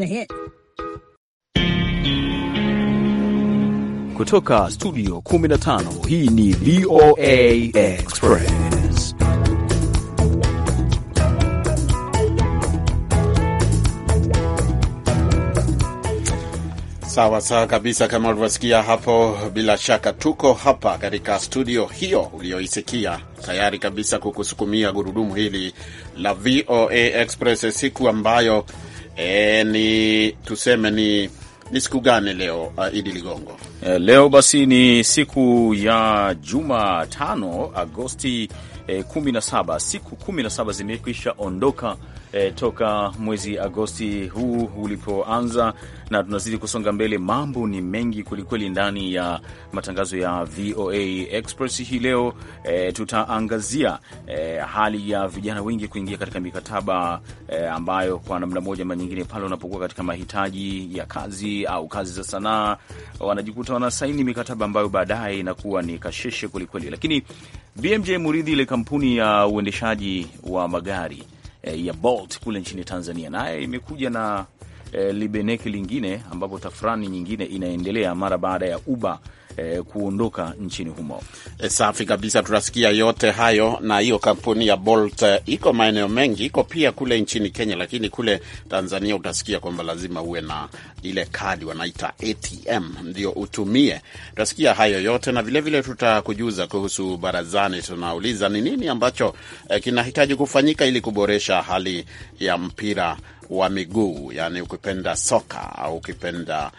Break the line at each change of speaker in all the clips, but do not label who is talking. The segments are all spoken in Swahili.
The hit.
Kutoka studio 15 hii ni VOA Express.
Sawa sawa kabisa, kama ulivyosikia hapo, bila shaka tuko hapa katika studio hiyo uliyoisikia tayari kabisa kukusukumia gurudumu hili la VOA Express siku ambayo E, ni tuseme ni ni siku gani leo uh, Idi Ligongo? E, leo basi ni siku ya Jumatano Agosti e, 17.
Siku 17 zimekwisha ondoka e, toka mwezi Agosti huu ulipoanza, na tunazidi kusonga mbele. Mambo ni mengi kwelikweli ndani ya matangazo ya VOA Express hii leo. E, tutaangazia e, hali ya vijana wengi kuingia katika mikataba e, ambayo kwa namna moja ama nyingine, pale wanapokuwa katika mahitaji ya kazi au kazi za sanaa, wanajikuta wanasaini mikataba ambayo baadaye inakuwa ni kasheshe kwelikweli, lakini BMJ Muridhi, ile kampuni ya uendeshaji wa magari eh, ya Bolt kule nchini Tanzania, naye imekuja na eh, libeneki lingine ambapo tafrani nyingine inaendelea mara baada ya Uber eh, kuondoka
nchini humo. Eh, safi kabisa, tunasikia yote hayo. Na hiyo kampuni ya Bolt eh, iko maeneo mengi, iko pia kule nchini Kenya, lakini kule Tanzania utasikia kwamba lazima uwe na ile kadi wanaita ATM ndio utumie. Tutasikia hayo yote na vilevile tutakujuza kuhusu barazani. Tunauliza ni nini ambacho eh, kinahitaji kufanyika ili kuboresha hali ya mpira wa miguu, yani ukipenda soka au ukipenda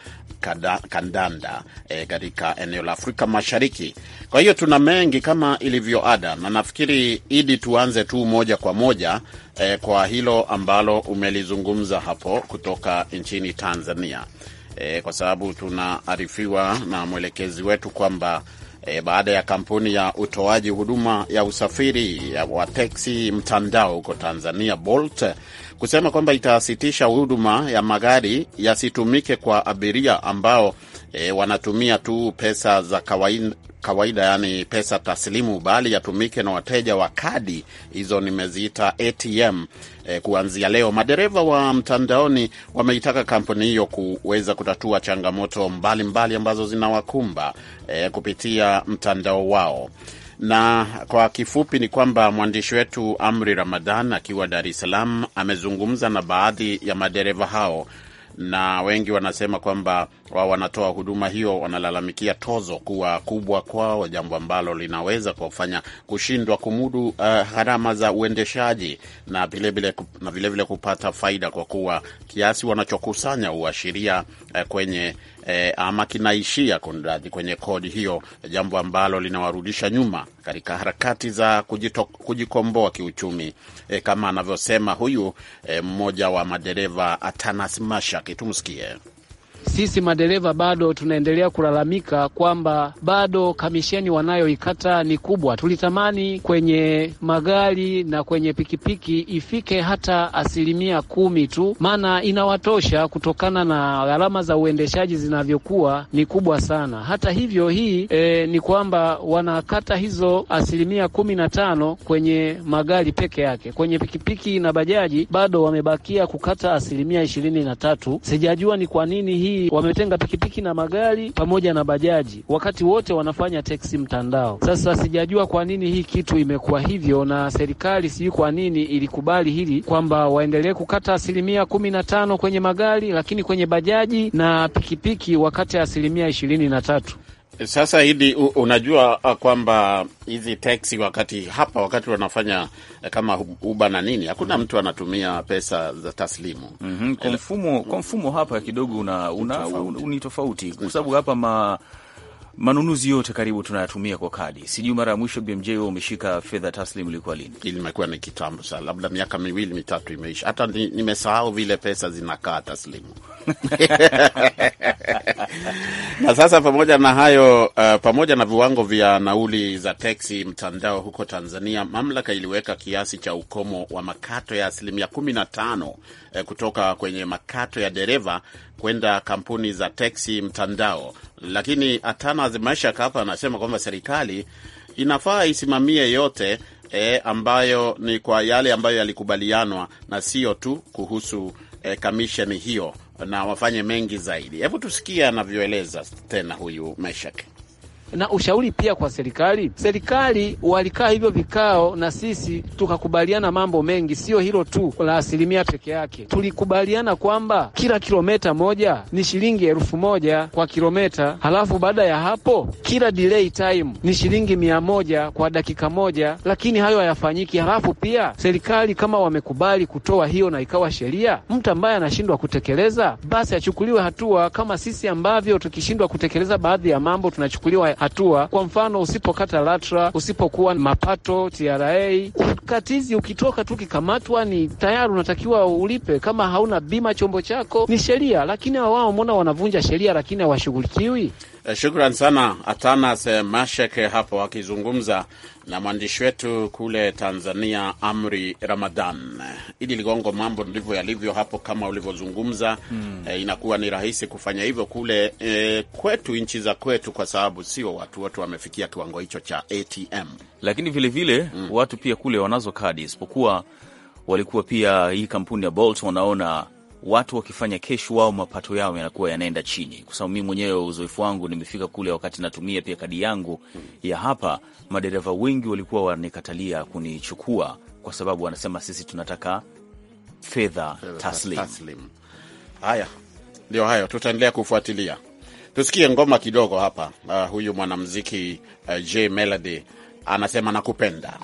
kada, kandanda e, katika eneo la Afrika Mashariki. Kwa hiyo tuna mengi kama ilivyo ada, na nafikiri Idi, tuanze tu moja kwa moja e, kwa hilo ambalo umelizungumza hapo kutoka nchini Tanzania e, kwa sababu tunaarifiwa na mwelekezi wetu kwamba E, baada ya kampuni ya utoaji huduma ya usafiri ya wa teksi mtandao huko Tanzania Bolt kusema kwamba itasitisha huduma ya magari yasitumike kwa abiria ambao e, wanatumia tu pesa za kawaida kawaida yani, pesa taslimu, bali yatumike na wateja wa kadi hizo nimeziita ATM. E, kuanzia leo madereva wa mtandaoni wameitaka kampuni hiyo kuweza kutatua changamoto mbalimbali mbali ambazo zinawakumba e, kupitia mtandao wao. Na kwa kifupi ni kwamba mwandishi wetu Amri Ramadhan akiwa Dar es Salaam amezungumza na baadhi ya madereva hao, na wengi wanasema kwamba wao wanatoa huduma hiyo wanalalamikia tozo kuwa kubwa kwao, jambo ambalo linaweza kuwafanya kushindwa kumudu uh, gharama za uendeshaji na vilevile na vilevile kupata faida kwa kuwa kiasi wanachokusanya huashiria uh, kwenye eh, ama kinaishia kunradhi, kwenye kodi hiyo, jambo ambalo linawarudisha nyuma katika harakati za kujito, kujikomboa kiuchumi eh, kama anavyosema huyu eh, mmoja wa madereva Atanas Mashaki. Tumsikie
sisi madereva bado tunaendelea kulalamika kwamba bado kamisheni wanayoikata ni kubwa. Tulitamani kwenye magari na kwenye pikipiki ifike hata asilimia kumi tu, maana inawatosha kutokana na gharama za uendeshaji zinavyokuwa ni kubwa sana. Hata hivyo hii e, ni kwamba wanakata hizo asilimia kumi na tano kwenye magari peke yake. Kwenye pikipiki na bajaji bado wamebakia kukata asilimia ishirini na tatu. Sijajua ni kwa nini hii hii wametenga pikipiki na magari pamoja na bajaji, wakati wote wanafanya teksi mtandao. Sasa sijajua kwa nini hii kitu imekuwa hivyo, na serikali sijui kwa nini ilikubali hili kwamba waendelee kukata asilimia kumi na tano kwenye magari, lakini kwenye bajaji na pikipiki wakate asilimia ishirini na tatu.
Sasa hidi unajua uh, kwamba hizi teksi wakati hapa wakati wanafanya eh, kama uba na nini, hakuna mm -hmm. mtu anatumia pesa za taslimu mm -hmm. kwa mfumo hapa kidogo una, una, ni tofauti kwa sababu hapa ma manunuzi yote karibu tunayatumia kwa kadi. Sijui mara ya mwisho BMJ huo umeshika fedha taslim ilikuwa lini? Imekuwa ni kitambo sana, labda miaka miwili mitatu imeisha, hata nimesahau vile pesa zinakaa taslimu na sasa, pamoja na hayo uh, pamoja na viwango vya nauli za teksi mtandao huko Tanzania, mamlaka iliweka kiasi cha ukomo wa makato ya asilimia kumi na tano eh, kutoka kwenye makato ya dereva kwenda kampuni za teksi mtandao, lakini hatana Charles Meshak hapa anasema kwamba serikali inafaa isimamie yote e, ambayo ni kwa yale ambayo yalikubalianwa na sio tu kuhusu e, kamisheni hiyo na wafanye mengi zaidi. Hebu tusikie anavyoeleza tena huyu Meshak
na ushauri pia kwa serikali. Serikali walikaa hivyo vikao na sisi tukakubaliana mambo mengi, sio hilo tu la asilimia peke yake. Tulikubaliana kwamba kila kilometa moja ni shilingi elfu moja kwa kilometa, halafu baada ya hapo kila delay time ni shilingi mia moja kwa dakika moja, lakini hayo hayafanyiki. Halafu pia serikali kama wamekubali kutoa hiyo na ikawa sheria, mtu ambaye anashindwa kutekeleza basi achukuliwe hatua, kama sisi ambavyo tukishindwa kutekeleza baadhi ya mambo tunachukuliwa hatua. Kwa mfano, usipokata LATRA, usipokuwa mapato TRA, ukatizi, ukitoka tu kikamatwa, ni tayari unatakiwa ulipe. Kama hauna bima chombo chako, ni sheria, lakini wao mbona wanavunja sheria lakini hawashughulikiwi?
Eh, shukran sana Atanas eh, Masheke eh, hapo akizungumza na mwandishi wetu kule Tanzania, Amri ramadan Ili Ligongo, mambo ndivyo yalivyo hapo kama ulivyozungumza. Mm. E, inakuwa ni rahisi kufanya hivyo kule e, kwetu, nchi za kwetu, kwa sababu sio watu wote wamefikia kiwango hicho cha ATM,
lakini vilevile vile, mm. watu pia kule wanazo kadi, isipokuwa walikuwa pia hii kampuni ya Bolt wanaona watu wakifanya keshu wao mapato yao yanakuwa yanaenda chini, kwa sababu mimi mwenyewe uzoefu wangu nimefika kule, wakati natumia pia kadi yangu ya hapa, madereva wengi walikuwa wanikatalia kunichukua kwa
sababu wanasema sisi tunataka fedha taslim. Taslim. Haya ndio hayo, tutaendelea kufuatilia. Tusikie ngoma kidogo hapa. Uh, huyu mwanamziki uh, eh, J Melody anasema nakupenda.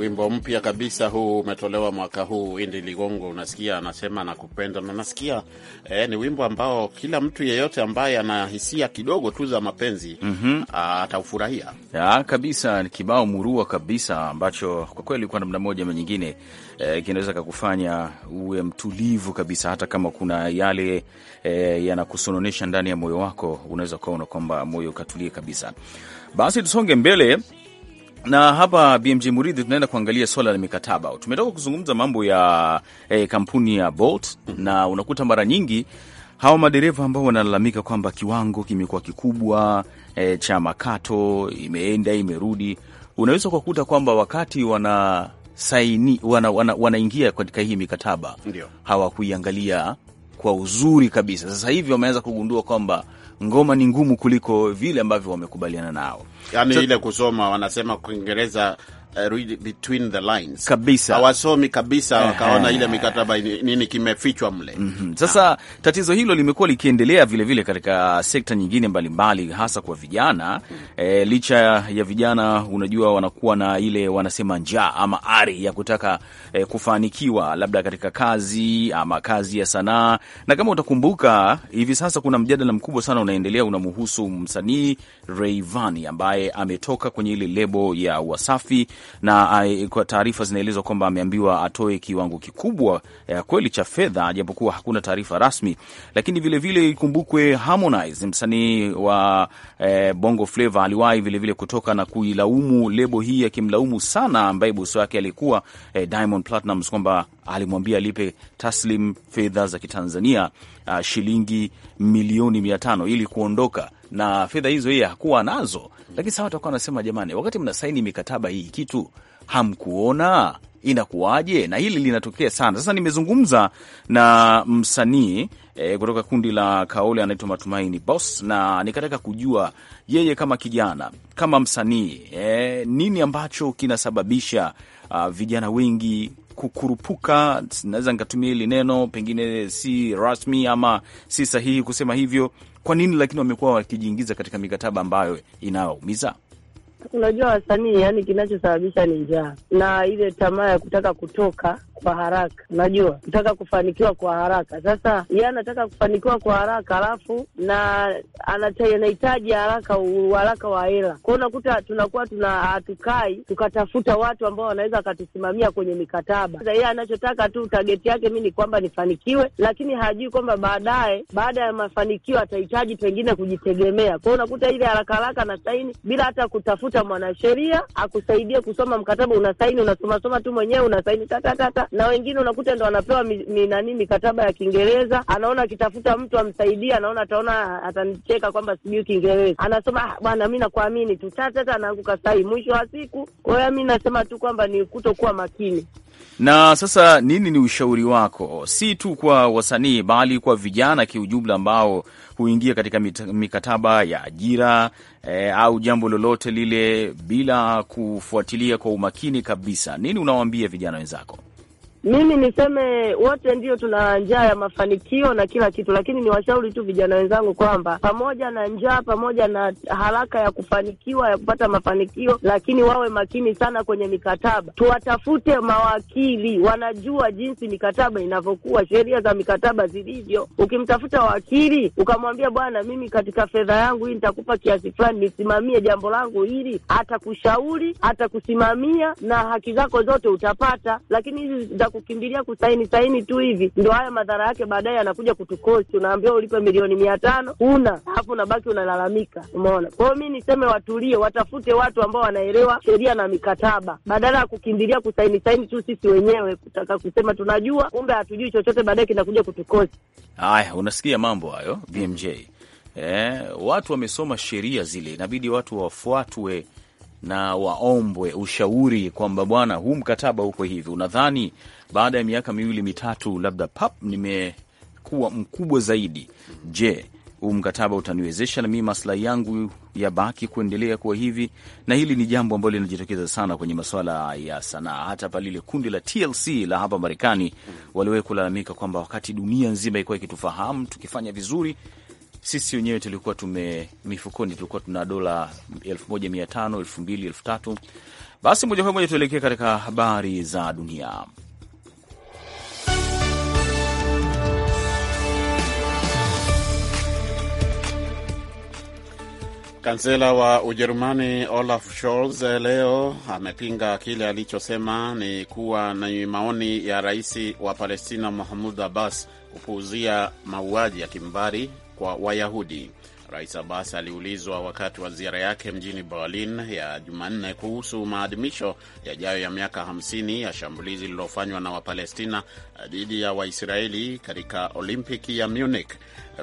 wimbo mpya kabisa huu umetolewa mwaka huu. Indi Ligongo, unasikia anasema nakupenda, na nasikia eh, ni wimbo ambao kila mtu yeyote ambaye ana hisia kidogo tu za mapenzi mm -hmm. ataufurahia kabisa. Ni kibao murua kabisa
ambacho kwa kweli kwa namna moja ama nyingine eh, kinaweza kakufanya uwe mtulivu kabisa, hata kama kuna yale eh, yanakusononesha ndani ya moyo wako, unaweza ukaona kwamba moyo ukatulie kabisa. Basi tusonge mbele na hapa BMJ Muridhi, tunaenda kuangalia swala la mikataba. Tumetoka kuzungumza mambo ya eh, kampuni ya Bolt mhm. na unakuta mara nyingi hawa madereva ambao wanalalamika kwamba kiwango kimekuwa kikubwa eh, cha makato, imeenda imerudi, unaweza kukuta kwamba wakati wana saini wanaingia wana, wana katika hii mikataba hawakuiangalia kwa uzuri kabisa. Sasa hivi wameanza kugundua kwamba ngoma ni ngumu kuliko
vile ambavyo wamekubaliana nao, yani so, ile kusoma wanasema Kiingereza Uh, read between the lines kabisa, hawasomi kabisa, wakaona ile mikataba nini kimefichwa mle. mm -hmm. Sasa tatizo hilo limekuwa likiendelea vilevile katika sekta nyingine mbalimbali mbali,
hasa kwa vijana mm -hmm. E, licha ya vijana unajua wanakuwa na ile wanasema njaa ama ari ya kutaka e, kufanikiwa labda katika kazi ama kazi ya sanaa, na kama utakumbuka hivi sasa kuna mjadala mkubwa sana unaendelea unamhusu msanii Rayvanny ambaye ametoka kwenye ile lebo ya Wasafi na kwa taarifa zinaelezwa kwamba ameambiwa atoe kiwango kikubwa ya eh, kweli cha fedha, japokuwa hakuna taarifa rasmi. Lakini vilevile ikumbukwe Harmonize, msanii wa eh, Bongo Flava, aliwahi vilevile kutoka na kuilaumu lebo hii, akimlaumu sana ambaye bosi wake alikuwa eh, Diamond Platnumz kwamba alimwambia alipe taslim fedha za Kitanzania uh, shilingi milioni mia tano ili kuondoka na fedha hizo yeye hakuwa nazo, lakini sasa watu wakawa wanasema jamani, wakati mnasaini mikataba hii kitu hamkuona inakuwaje? Na hili linatokea sana. Sasa nimezungumza na msanii e, kutoka kundi la Kaole anaitwa Matumaini Boss, na nikataka kujua yeye kama kijana, kama msanii e, nini ambacho kinasababisha a, vijana wengi kukurupuka, naweza nikatumia hili neno, pengine si rasmi ama si sahihi kusema hivyo, kwa nini lakini wamekuwa wakijiingiza katika mikataba ambayo inawaumiza?
Unajua wasanii, yani kinachosababisha ni njaa na ile tamaa ya kutaka kutoka kwa haraka. Unajua, nataka kufanikiwa kwa haraka. Sasa yeye anataka kufanikiwa kwa haraka, alafu na anahitaji haraka, uharaka wa hela. Kwao unakuta tunakuwa tuna hatukai tukatafuta watu ambao wanaweza wakatusimamia kwenye mikataba. Sasa yeye anachotaka tu tageti yake mi ni kwamba nifanikiwe, lakini hajui kwamba baadaye, baada ya mafanikio, atahitaji pengine kujitegemea. Kwao unakuta ile haraka haraka na saini bila hata kutafuta mwanasheria akusaidie kusoma mkataba. Unasaini, unasomasoma tu mwenyewe, unasaini tatatata, na wengine unakuta ndo anapewa mi, mi, nani mikataba ya Kiingereza, anaona akitafuta mtu amsaidia, anaona ataona atanicheka kwamba sijui Kiingereza, anasema ah, bwana, mi nakuamini tu, tatata anaanguka sahi mwisho wa siku. Kwa hiyo mi nasema tu kwamba ni kutokuwa makini.
Na sasa nini ni ushauri wako, si tu kwa wasanii, bali kwa vijana kiujumla, ambao huingia katika mikataba ya ajira eh, au jambo lolote lile bila kufuatilia kwa umakini kabisa? Nini unawaambia vijana wenzako?
Mimi niseme wote ndio tuna njaa ya mafanikio na kila kitu, lakini niwashauri tu vijana wenzangu kwamba pamoja na njaa, pamoja na haraka ya kufanikiwa, ya kupata mafanikio, lakini wawe makini sana kwenye mikataba. Tuwatafute mawakili wanajua jinsi mikataba inavyokuwa, sheria za mikataba zilivyo. Ukimtafuta wakili ukamwambia, bwana, mimi katika fedha yangu hii nitakupa kiasi fulani, nisimamie jambo langu hili, atakushauri, atakusimamia na haki zako zote utapata, lakini hizi kukimbilia kusaini saini tu hivi, ndo haya madhara yake baadaye yanakuja kutukosi. Unaambiwa ulipe milioni mia tano una alafu unabaki unalalamika. Umeona? Kwa hiyo mi niseme watulie, watafute watu ambao wanaelewa sheria na mikataba, badala ya kukimbilia kusaini saini tu sisi wenyewe kutaka kusema tunajua, kumbe hatujui chochote, baadaye kinakuja kutukosi.
Haya, unasikia mambo hayo BMJ. Eh, watu wamesoma sheria zile, inabidi watu wafuatwe na waombwe ushauri kwamba bwana, huu mkataba uko hivi, unadhani baada ya miaka miwili mitatu, labda pap, nimekuwa mkubwa zaidi, je, huu mkataba utaniwezesha na mimi maslahi yangu ya baki kuendelea kuwa hivi? Na hili ni jambo ambalo linajitokeza sana kwenye masuala ya sanaa. Hata pa lile kundi la TLC la hapa Marekani waliwahi kulalamika kwamba wakati dunia nzima ilikuwa ikitufahamu tukifanya vizuri, sisi wenyewe tulikuwa tume mifukoni, tulikuwa tuna dola elfu moja mia tano elfu mbili elfu tatu Basi moja kwa moja tuelekee katika habari za dunia.
Kansela wa Ujerumani Olaf Scholz leo amepinga kile alichosema ni kuwa ni maoni ya rais wa Palestina Mahmud Abbas kupuuzia mauaji ya kimbari kwa Wayahudi. Rais Abbas aliulizwa wakati wa ziara yake mjini Berlin ya Jumanne kuhusu maadhimisho yajayo ya miaka 50 ya shambulizi lililofanywa na Wapalestina dhidi ya Waisraeli katika Olimpiki ya Munich.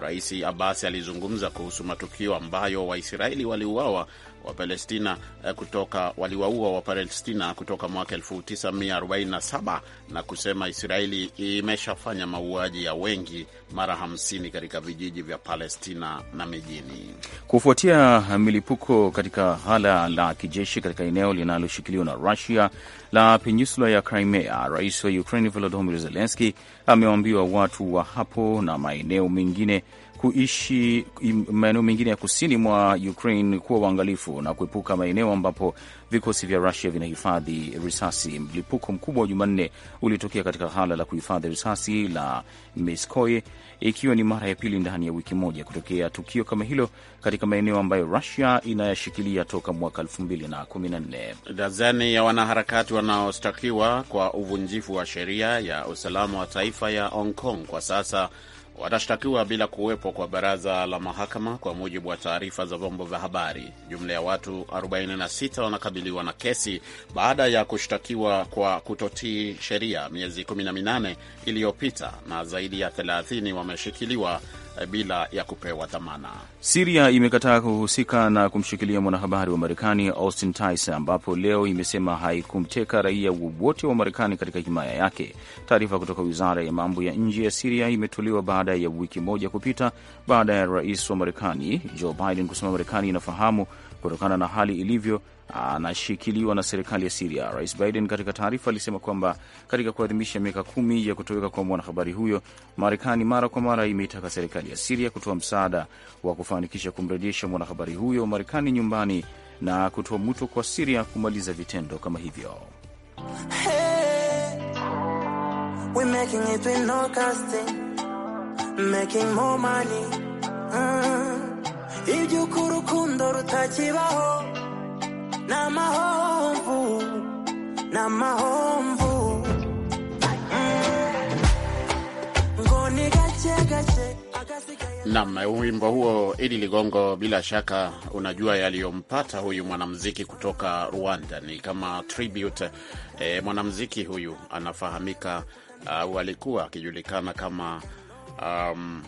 Rais Abbas alizungumza kuhusu matukio ambayo Waisraeli waliuawa Wapalestina eh, kutoka waliwaua Wapalestina kutoka mwaka 1947 na kusema Israeli imeshafanya mauaji ya wengi mara 50 katika vijiji vya Palestina na mijini,
kufuatia milipuko katika hala la kijeshi katika eneo linaloshikiliwa na Rusia la peninsula ya Crimea. Rais wa Ukraini Volodymyr Zelenski amewaambiwa watu wa hapo na maeneo mengine kuishi maeneo mengine ya kusini mwa Ukraine kuwa waangalifu na kuepuka maeneo ambapo vikosi vya Rusia vinahifadhi risasi. Mlipuko mkubwa wa Jumanne uliotokea katika hala la kuhifadhi risasi la Miskoye, ikiwa ni mara ya pili ndani ya wiki moja kutokea tukio kama hilo katika maeneo ambayo Rusia inayashikilia toka mwaka 2014.
Dazeni ya wanaharakati wanaoshtakiwa kwa uvunjifu wa sheria ya usalama wa taifa ya Hong Kong kwa sasa watashtakiwa bila kuwepo kwa baraza la mahakama, kwa mujibu wa taarifa za vyombo vya habari. Jumla ya watu 46 wanakabiliwa na kesi baada ya kushtakiwa kwa kutotii sheria miezi 18 iliyopita, na zaidi ya 30 wameshikiliwa bila ya kupewa dhamana.
Siria imekataa kuhusika na kumshikilia mwanahabari wa Marekani Austin Tice, ambapo leo imesema haikumteka raia wowote wa Marekani katika himaya yake. Taarifa kutoka wizara ya mambo ya nje ya Siria imetolewa baada ya wiki moja kupita baada ya rais wa Marekani Joe Biden kusema Marekani inafahamu kutokana na hali ilivyo, anashikiliwa na serikali ya Siria. Rais Biden katika taarifa alisema kwamba katika kuadhimisha miaka kumi ya kutoweka kwa mwanahabari huyo, Marekani mara kwa mara imeitaka serikali ya Siria kutoa msaada wa kufanikisha kumrejesha mwanahabari huyo Marekani nyumbani na kutoa mwito kwa Siria kumaliza vitendo kama hivyo. Hey,
iby'uko rutakibaho mm. ngo ni
gake gake
Nam, wimbo huo Idi Ligongo, bila shaka unajua yaliyompata huyu mwanamziki kutoka Rwanda ni kama tribute. E, mwanamziki huyu anafahamika au uh, alikuwa akijulikana kama um,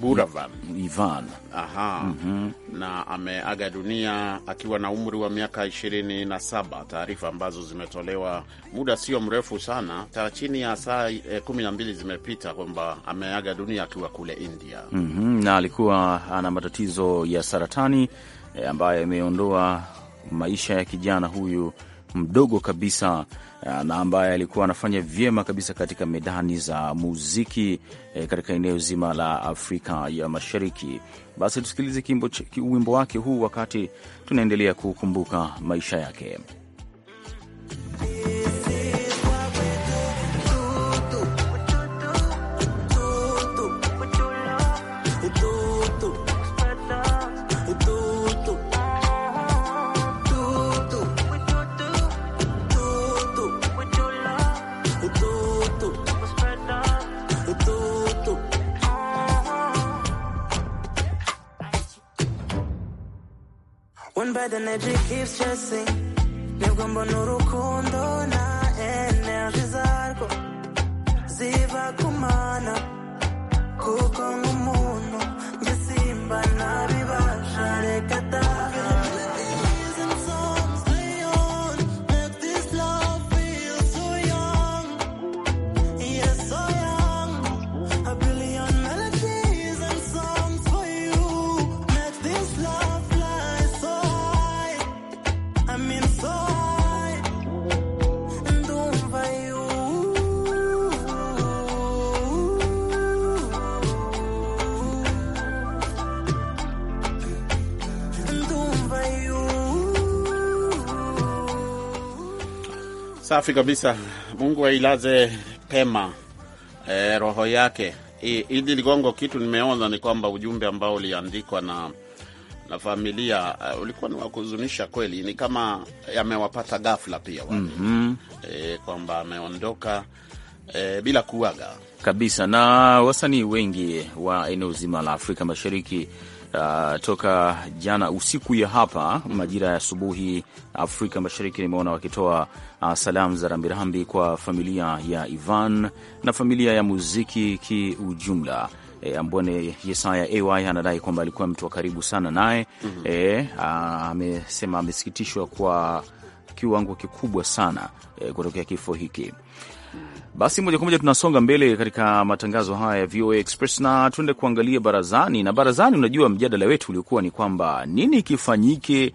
Buravan Ivan. Aha. Mm -hmm. Na ameaga dunia akiwa na umri wa miaka 27, taarifa ambazo zimetolewa muda sio mrefu sana, ta chini ya saa 12 eh, zimepita, kwamba ameaga dunia akiwa kule India.
Mm -hmm. Na alikuwa ana matatizo ya saratani e, ambayo imeondoa maisha ya kijana huyu mdogo kabisa eh, na ambaye alikuwa anafanya vyema kabisa katika medani za muziki eh, katika eneo zima la Afrika ya Mashariki. Basi tusikilize wimbo wake huu wakati tunaendelea kukumbuka maisha yake.
red energy keeps chasing nibwo mbona urukundo na energy zarwo ziva kumana kuko nk'umuntu njye simba ntabibasha reka
Safi kabisa. Mungu ailaze pema e, roho yake. Idi Ligongo, kitu nimeona ni kwamba ujumbe ambao uliandikwa na na familia uh, ulikuwa ni wakuzunisha kweli, ni kama yamewapata ghafla pia
wale mm -hmm.
e, kwamba ameondoka e, bila kuaga
kabisa, na wasanii wengi wa eneo zima la Afrika Mashariki uh, toka jana usiku ya hapa majira ya asubuhi Afrika Mashariki, nimeona wakitoa uh, salamu za rambirambi kwa familia ya Ivan na familia ya muziki kiujumla. E, Ambone Yesaya AY anadai kwamba alikuwa mtu wa karibu sana naye mm -hmm. E, uh, amesema amesikitishwa kwa kiwango kikubwa sana e, kutokea kifo hiki. Basi moja kwa moja tunasonga mbele katika matangazo haya ya VOA Express na tuende kuangalia barazani. Na barazani, unajua mjadala wetu uliokuwa ni kwamba nini kifanyike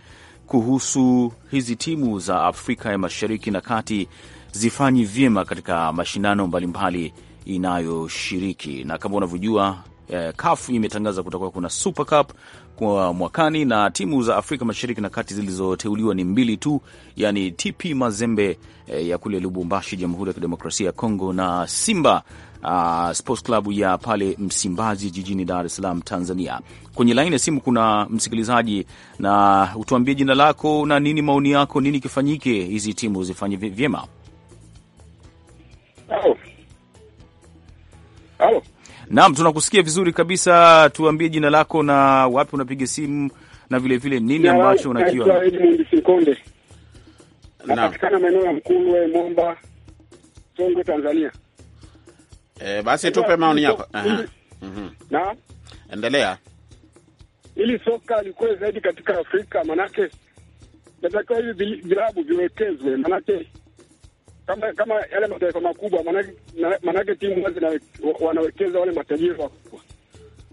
kuhusu hizi timu za Afrika ya Mashariki na Kati zifanyi vyema katika mashindano mbalimbali inayoshiriki, na kama unavyojua eh, CAF imetangaza kutakuwa kuna Super Cup kwa mwakani, na timu za Afrika Mashariki na Kati zilizoteuliwa ni mbili tu, yani TP Mazembe eh, ya kule Lubumbashi, Jamhuri ya Kidemokrasia ya Kongo na Simba Uh, Sports Club ya pale Msimbazi jijini Dar es Salaam Tanzania. Kwenye laini ya simu kuna msikilizaji, na utuambie jina lako na nini maoni yako, nini kifanyike hizi timu zifanye vyema. Halo. Halo. Naam, tunakusikia vizuri kabisa. Tuambie jina lako na wapi unapiga simu na vilevile vile
nini ambacho unakiona.
Napatikana maeneo ya Mkulwe, Momba, Songwe, Tanzania.
E, basi tupe maoni yako. Naam, endelea.
Mhm. Ili soka likuwe zaidi katika Afrika, manake natakiwa hivi vilabu viwekezwe, manake kama kama yale mataifa makubwa, maanake timu wazi wanawekeza wale matajiri wakubwa.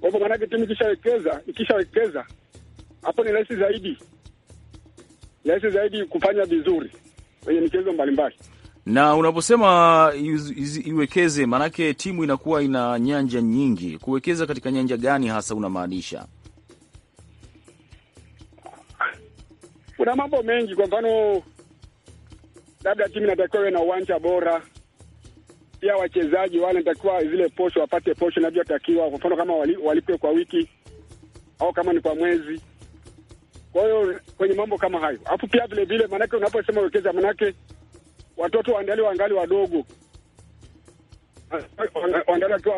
Kwa hivyo manake timu ikishawekeza ikishawekeza hapo ni rahisi zaidi, rahisi zaidi kufanya vizuri kwenye michezo mbalimbali.
Na unaposema iwekeze, maanake timu inakuwa ina nyanja nyingi. Kuwekeza katika nyanja gani hasa unamaanisha?
Kuna mambo mengi, kwa mfano labda timu inatakiwa iwe na uwanja bora, pia wachezaji wale natakiwa zile posho wapate posho inavyotakiwa, kwa mfano kama walipwe kwa wiki au kama ni kwa mwezi. Kwa hiyo kwenye mambo kama hayo, alafu pia vile vile, maanake unaposema wekeza, maanake watoto waandali wangali wadogo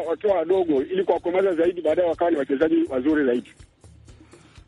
wakiwa wadogo ili kuwakomaza zaidi, baadaye wakawa ni wachezaji wazuri zaidi.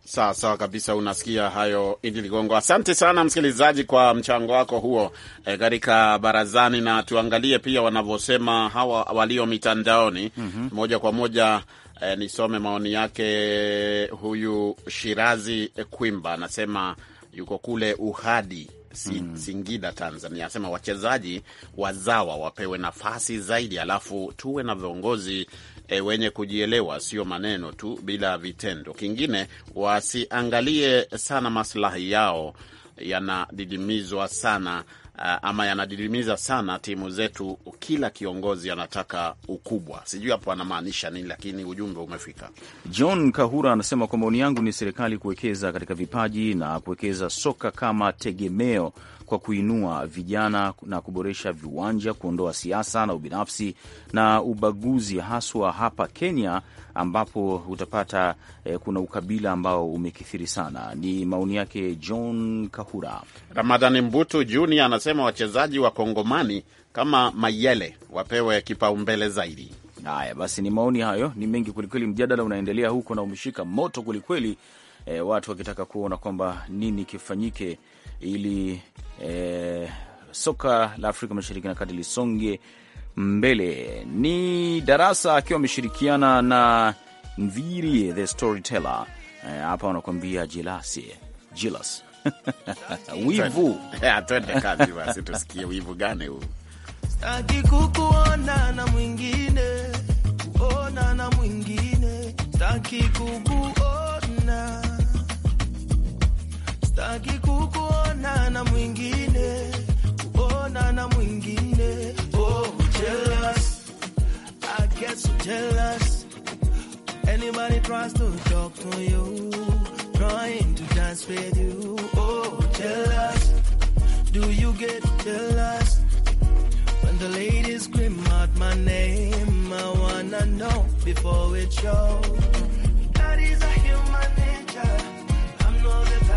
Sawa sawa kabisa, unasikia hayo Idi Ligongo. Asante sana msikilizaji kwa mchango wako huo eh, katika e, barazani, na tuangalie pia wanavyosema hawa walio mitandaoni mm -hmm. moja kwa moja e, nisome maoni yake. Huyu Shirazi Kwimba anasema yuko kule Uhadi mhm. Singida, Tanzania, anasema wachezaji wazawa wapewe nafasi zaidi, alafu tuwe na viongozi e, wenye kujielewa, sio maneno tu bila vitendo. Kingine wasiangalie sana maslahi yao yanadidimizwa sana uh, ama yanadidimiza sana timu zetu. Kila kiongozi anataka ukubwa, sijui hapo anamaanisha nini, lakini ujumbe umefika. John Kahura anasema kwa maoni yangu ni serikali kuwekeza katika
vipaji na kuwekeza soka kama tegemeo kwa kuinua vijana na kuboresha viwanja, kuondoa siasa na ubinafsi na ubaguzi, haswa hapa Kenya ambapo utapata eh, kuna ukabila ambao umekithiri sana. Ni
maoni yake John Kahura. Ramadhani Mbutu Junior anasema wachezaji wa Kongomani kama Mayele wapewe kipaumbele zaidi. Haya basi, ni maoni hayo,
ni mengi kwelikweli. Mjadala unaendelea huko na umeshika moto kwelikweli, E, watu wakitaka kuona kwamba nini kifanyike ili e, soka la Afrika Mashariki na Kati lisonge mbele. Ni Darasa akiwa ameshirikiana na Mviri the Storyteller eh, hapa e, wanakuambia jilasi
jilas wivu twende kazi basi, tusikie wivu gani huu?
Sitaki kukuona na mwingine, kuona na mwingine, sitaki kukuona taki kukuona na mwingine, kuona na mwingine. Oh, jealous. I get so jealous. Anybody tries to talk to you, trying to dance with you. Oh, jealous. Do you get jealous? When the ladies scream out my name, I wanna know before it shows.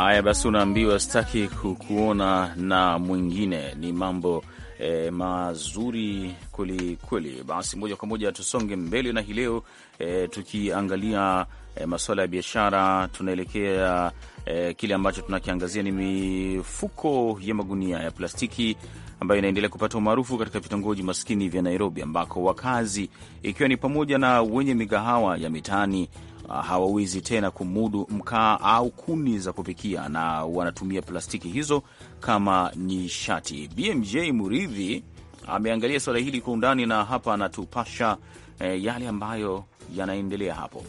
Haya basi, unaambiwa sitaki kukuona na mwingine. Ni mambo E, mazuri kweli kweli. Basi moja kwa moja tusonge mbele na hii leo e, tukiangalia e, masuala ya biashara, tunaelekea e, kile ambacho tunakiangazia ni mifuko ya magunia ya plastiki ambayo inaendelea kupata umaarufu katika vitongoji maskini vya Nairobi, ambako wakazi ikiwa ni pamoja na wenye migahawa ya mitaani Ah, hawawezi tena kumudu mkaa au kuni za kupikia na wanatumia plastiki hizo kama nishati. BMJ Muridhi ameangalia suala hili kwa undani na hapa anatupasha eh, yale ambayo yanaendelea
hapo.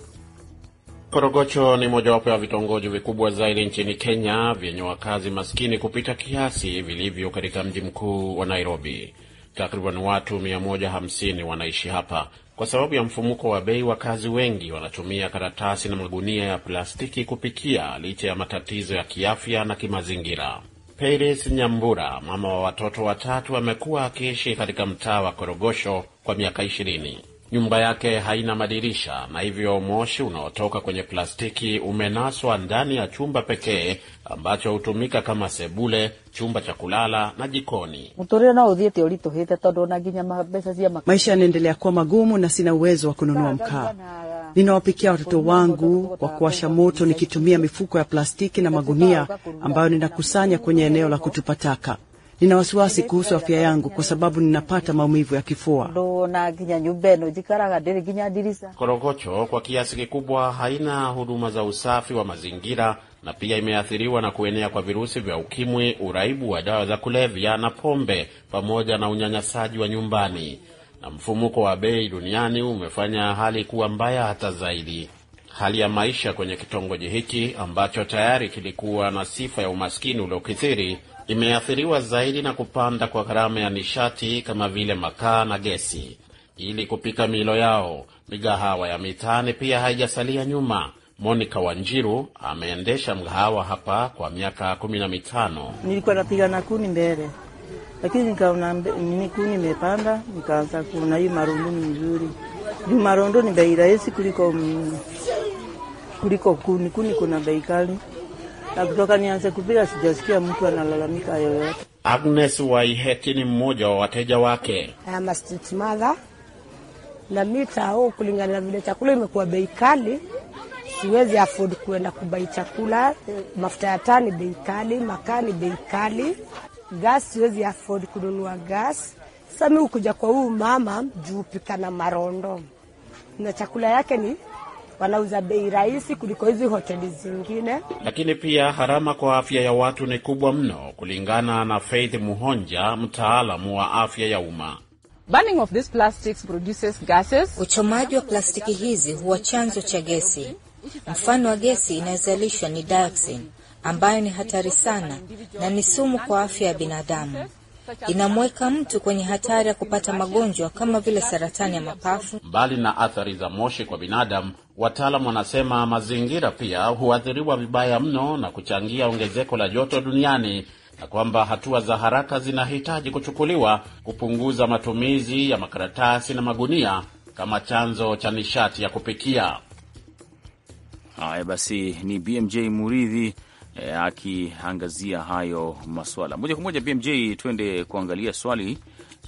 Korogocho ni mojawapo ya vitongoji vikubwa zaidi nchini Kenya vyenye wakazi maskini kupita kiasi vilivyo katika mji mkuu wa Nairobi. Takriban watu 150 wanaishi hapa kwa sababu ya mfumuko wa bei, wakazi wengi wanatumia karatasi na magunia ya plastiki kupikia, licha ya matatizo ya kiafya na kimazingira. Peris Nyambura, mama wa watoto watatu, amekuwa akiishi katika mtaa wa Korogosho kwa miaka ishirini. Nyumba yake haina madirisha na hivyo moshi unaotoka kwenye plastiki umenaswa ndani ya chumba pekee ambacho hutumika kama sebule, chumba cha kulala na jikoni.
Maisha yanaendelea kuwa magumu na sina uwezo wa kununua mkaa. Ninawapikia watoto wangu kwa kuwasha moto nikitumia mifuko ya plastiki na magunia ambayo ninakusanya kwenye eneo la kutupa taka. Nina wasiwasi kuhusu afya yangu kwa sababu ninapata maumivu ya kifua.
Korogocho kwa kiasi kikubwa haina huduma za usafi wa mazingira na pia imeathiriwa na kuenea kwa virusi vya ukimwi, uraibu wa dawa za kulevya na pombe, pamoja na unyanyasaji wa nyumbani. Na mfumuko wa bei duniani umefanya hali kuwa mbaya hata zaidi. Hali ya maisha kwenye kitongoji hiki ambacho tayari kilikuwa na sifa ya umaskini uliokithiri imeathiriwa zaidi na kupanda kwa gharama ya nishati kama vile makaa na gesi ili kupika milo yao. Migahawa ya mitaani pia haijasalia nyuma. Monica Wanjiru ameendesha mgahawa hapa kwa miaka kumi na mitano.
Nilikuwa napiga na kuni mbele, lakini nikaona nini, kuni imepanda, nikaanza kuona hii marundo ni mzuri juu marundo ni bei rahisi kuliko, mm, kuliko kuni. Kuni kuna bei kali na kutoka nianze kupiga sijasikia mtu analalamika yoyote.
Agnes Waiheti ni mmoja wa wateja wake.
I'm a street mother na mita huu, kulingana na vile chakula imekuwa bei kali, siwezi afford kuenda kubai chakula. Mafuta ya taa ni bei kali, makaa ni bei kali, gas siwezi afford kununua gas. Sasa mimi ukuja kwa huyu mama juu pika na marondo na chakula yake ni wanauza bei rahisi kuliko hizi hoteli zingine,
lakini pia gharama kwa afya ya watu ni kubwa mno, kulingana na Faith Muhonja, mtaalamu wa afya ya umma.
Burning of these plastics produces gases. Uchomaji wa plastiki hizi huwa chanzo cha gesi. Mfano wa gesi inayozalishwa ni dioxin ambayo ni hatari sana na ni sumu kwa afya ya binadamu. Inamweka mtu kwenye hatari ya kupata magonjwa kama vile saratani ya mapafu.
Mbali na athari za moshi kwa binadamu, Wataalamu wanasema mazingira pia huathiriwa vibaya mno na kuchangia ongezeko la joto duniani na kwamba hatua za haraka zinahitaji kuchukuliwa kupunguza matumizi ya makaratasi na magunia kama chanzo cha nishati ya kupikia.
Haya basi, ni BMJ Muridhi eh, akiangazia hayo maswala moja kwa moja. BMJ, twende kuangalia swali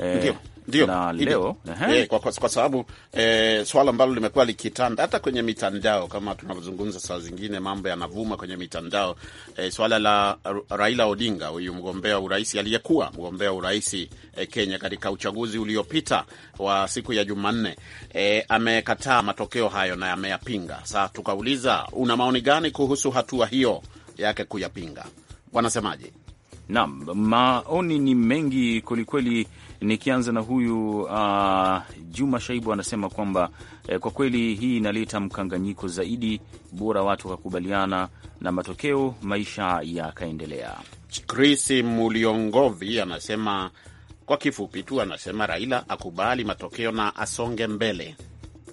e,
Ndiyo, na leo e, kwa, kwa, kwa sababu e, swala ambalo limekuwa likitanda hata kwenye mitandao kama tunavyozungumza, saa zingine mambo yanavuma kwenye mitandao e, swala la Raila Odinga, huyu mgombea urais aliyekuwa mgombea urais e, Kenya katika uchaguzi uliopita wa siku ya Jumanne e, amekataa matokeo hayo na ameyapinga. Sasa tukauliza una maoni gani kuhusu hatua hiyo yake kuyapinga? Wanasemaje? Naam, maoni ni mengi kwelikweli. Nikianza
na huyu uh, Juma Shaibu anasema kwamba eh, kwa kweli hii inaleta
mkanganyiko zaidi, bora watu wakakubaliana na matokeo, maisha yakaendelea. Chris Muliongovi anasema kwa kifupi tu, anasema Raila akubali matokeo na asonge mbele.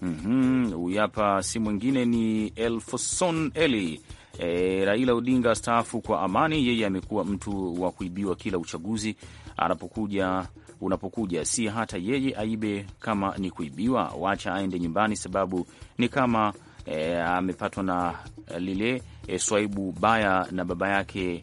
Mhm, huyu mm -hmm, hapa si mwingine ni Elfoson Eli E, Raila Odinga staafu kwa amani. Yeye amekuwa mtu wa kuibiwa kila uchaguzi anapokuja unapokuja, si hata yeye aibe. Kama ni kuibiwa, wacha aende nyumbani, sababu ni kama e, amepatwa na lile e, swaibu baya na baba yake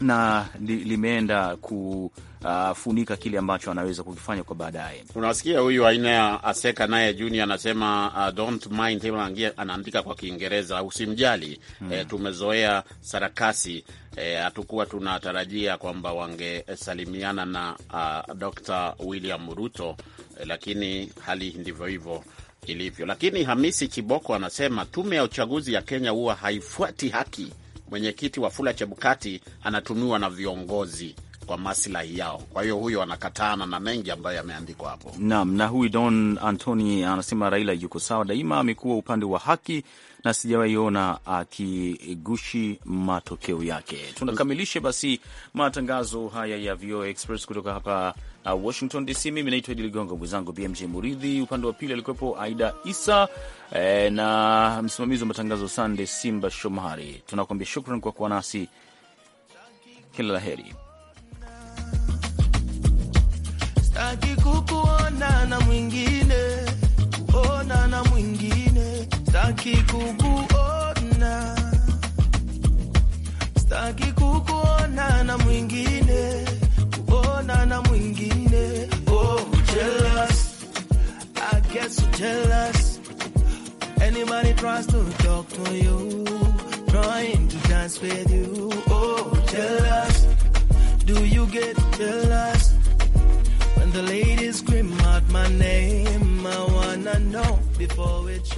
na li, limeenda kufunika uh, kile ambacho anaweza kukifanya kwa baadaye.
Unasikia huyu aina ya Aseka naye Junior anasema uh, don't mind him, anaandika kwa Kiingereza usimjali. hmm. E, tumezoea sarakasi eh, hatukuwa e, tunatarajia kwamba wangesalimiana na uh, Dr. William Ruto e, lakini hali ndivyo hivyo ilivyo. Lakini Hamisi Chiboko anasema tume ya uchaguzi ya Kenya huwa haifuati haki mwenyekiti wa fula Chebukati anatumiwa na viongozi kwa maslahi yao. Kwa hiyo huyo anakatana na mengi ambayo yameandikwa hapo.
Naam, na huyu Don Antoni anasema Raila yuko sawa daima, amekuwa upande wa haki na sijawaiona akigushi matokeo yake. Tunakamilisha basi matangazo haya ya VOA Express kutoka hapa uh, Washington DC. Mimi naitwa Idi Ligongo, mwenzangu BMJ Muridhi, upande wa pili alikuwepo Aida Isa e, na msimamizi wa matangazo Sande Simba Shomari. Tunakuambia shukran kwa kuwa nasi, kila la heri.
Sitaki kukuona na mwingine, kuona na mwingine Staki kukuona, staki kukuona na mwingine, kuona na mwingine. Oh, jealous. I get so jealous. Anybody tries to talk to you, trying to dance with you. Oh, jealous. Do you get jealous? When the ladies scream out my name, I wanna know before it's